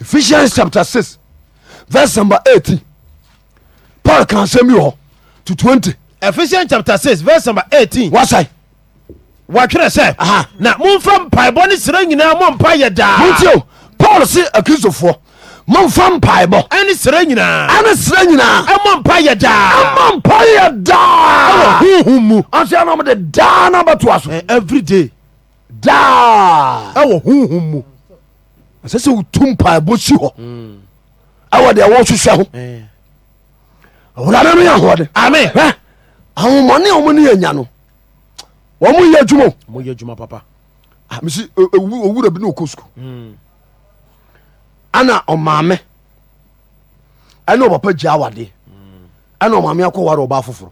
ephesians chapter six verse number eighteen paul kan sẹ́m bi wɔ to twenty. ephesians chapter six verse number eighteen. wasaɛ. wɔtwerɛ sɛ na momfa mpaebɔ ne serɛ nyinaa mompa yɛ daamotio paul se akristofoɔ momfa mpaebɔ ɛne serɛ nyinaa ɛne serɛ nyinaa ɛmɔ mpa yɛ daa ɛmɔ mpa yɛ daa ɛwɔ honhom mu ɔsɛ ɛna mode daa na bɛtoa so everyday daa ɛwɔ honhom mu ɛsɛ sɛ wotu mpaabɔ si hɔ ɛwɔ mm. deɛ ahụ. ho eh. awurade no yɛ ahoɔden ame ahomɔne a ɔmo ne yɛ ọmụ no wɔmo yɛ adwuma ɔmoyɛ papa ah, e, owura bi ne ɔkɔ sukuu mm. ana ɔmaame ɛne ɔpapa gya awadeɛ mm. ɛna ɔmaame akɔ ware ɔba foforɔ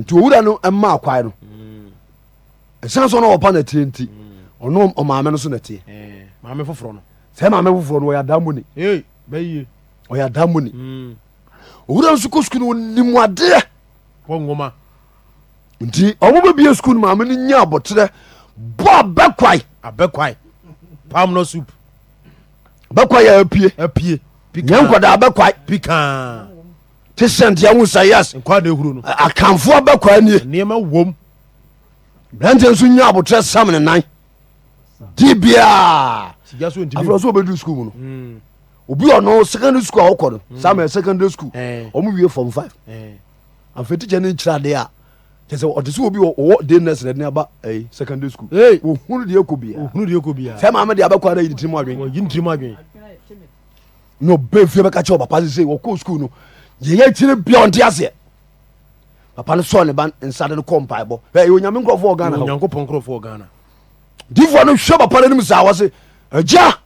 nti owura no ɛma akwae no ɛsiane sɛ na tie nti ɔno ɔmaame no so na tie eh. maame foforɔ no sɛ maame foforɔ no ɔyɛ ni. bɛyie ɔyɛ adamoni hmm. owura nso kɔ sukuu no onimuadeɛ wɔ nwoma nti ɔmo bɛbie sukuu no maame no nya abɔterɛ bɔ abɛkwae abɛkwae palm nut soup bɛkwae yɛ apie apie nyɛ nkɔda abɛkwae pikaa te sɛnteɛ wo sa yes akamfoɔ bɛkwae nie nneɛma wom berante nso nya abɔterɛ sam ne nan di afra so obɛdu school mu no hmm. obi ɔno secondary school a wokɔ no hmm. sama secondary school eh. ɔmo wie form 5 eh. amfa tikya no nkyerɛ adeɛ a kyɛ sɛ ɔte sɛ obi ɔwɔ day nurse ne aba ɛyi secondary school ohunu deɛ kɔ bia ohunu deɛ kɔ bia fɛn maa mi deɛ abɛkɔ ada yi ntirimu adwen yi ntirimu adwen na ɔbɛn fie bɛka kyɛw papa sise wɔkɔ school no yɛyɛ akyire bia ɔnte aseɛ papa no sɔɔ ne ba nsa de no kɔ mpaebɔ ɛyɛ onyame nkurɔfoɔ ɔgana ɔnyankopɔn nkurɔfoɔ ɔgana difoɔ no hwɛ papa no anim saa wɔ se agya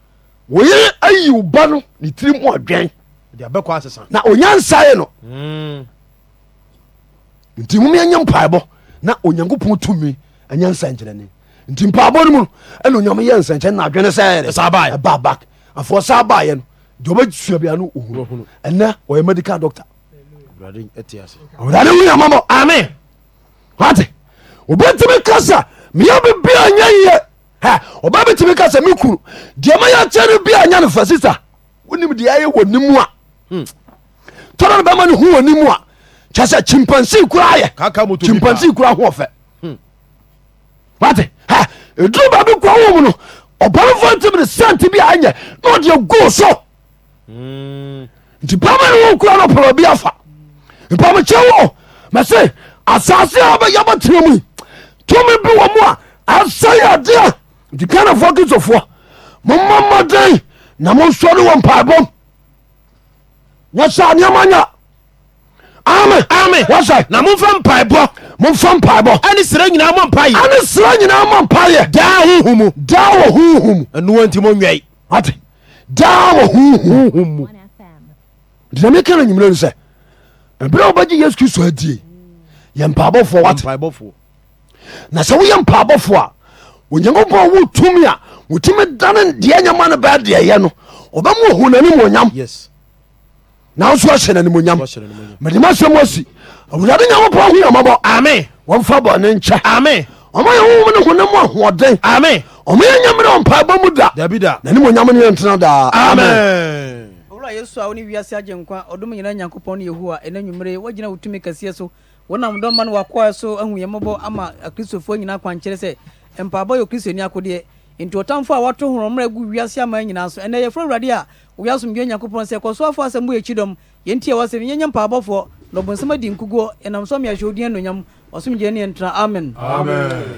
woyere ayi wo ba no ne tiri mu adwɛn na onya nsae no hmm. nti momeɛnyɛ mpaebɔ na onyankopɔn tumi ɛnyɛ nsa nkyerɛne nti mpaabɔ no mu no ɛna onyame yɛ nsɛnkyɛne na adwene sɛ ɛbaba afoɔ saa baeɛ no deɛ ɔbɛsua bia no ɔhunu ɛnɛ ɔyɛ medical doctor awurade wu yamabɔ ame wate obɛtumi kasa meyɛ bibia nyɛ yɛ ɔba bɛtumi ka sɛ me kuru deɛ mayɛ kyɛ no bia nya no fa sisa wonim deɛ ɛyɛ wɔ nimu a hmm. ni no bɛma no ho wɔ nimu a kyɛ sɛ chimpansi kora yɛ chimpansi kora ho ɔfɛ wate ɛduru baabi kora wo mu no ɔbɔnefo ntim ne sante bi a anyɛ na ɔde go so hmm. nti bama ne wo kora no ɔpɛrɛ bi afa mpamokyɛ wo mɛse asase a bɛyɛbɔtena mu tumi bi wɔ mu a asɛyɛ adeɛ nti kanafoɔ kristofoɔ momɔmɔden na monsɔre wɔ mpaebɔm yɛsa nneɛma nya ame ame wɔsɛ na momfa mpaebɔ momfa mpaebɔ ɛne sra nyinaa mɔ mpayɛ ɛne sra nyinaa mɔ mpayɛ daa honhum mu daa wɔ honhum ɛnoa nti monwɛi ate daa wɔ honhum mu nti na meka no nyimire no sɛ ɛberɛ wobɛgye yesu kristo adie yɛ mpaebɔfoɔ wate na sɛ woyɛ mpaebɔfoɔ a onyankopɔn wo tumi a wotumi dane deɛ nyama no bɛɛ deɛyɛ no ɔbɛma ohu nanimonyam nanso ɔhyɛ nanimonyam medema sɛm asi awurade nyankopɔn ho yamabɔ ame wɔmfa bɔne nkyɛ ame ɔma yɛ hohom ne hone mu ahoɔden ame ɔma yɛ nyamene ɔmpa bɔ mu da dabida nanimonyam no yɛntena daa amen owura yesu a wone wiase agye nkwa ɔdom nyina nyankopɔn no yehowa ɛna nwummere woagyina wo tumi kɛseɛ so wonam dɔma no wakoa so ahu yɛmmɔbɔ ama akristofoɔ nyinaa kwankyerɛ sɛ mpaabɔ yɛ kristoni akodeɛ nti ɔtamfo a wato horɔmmra gu wiase ama nyinaa so ɛnɛ yɛfrɛ awurade a woyɛ asomdwe nyankopɔn sɛ kɔsoafo asɛm bɔ yɛkyi dɔm yɛnti ɛwɔ sɛ yɛnyɛ mpaabɔfoɔ na ɔbonsɛm adi nkuguo ɛnam sɛ meahyɛ odin anonyam ɔsomgye ne yɛntena amen, amen.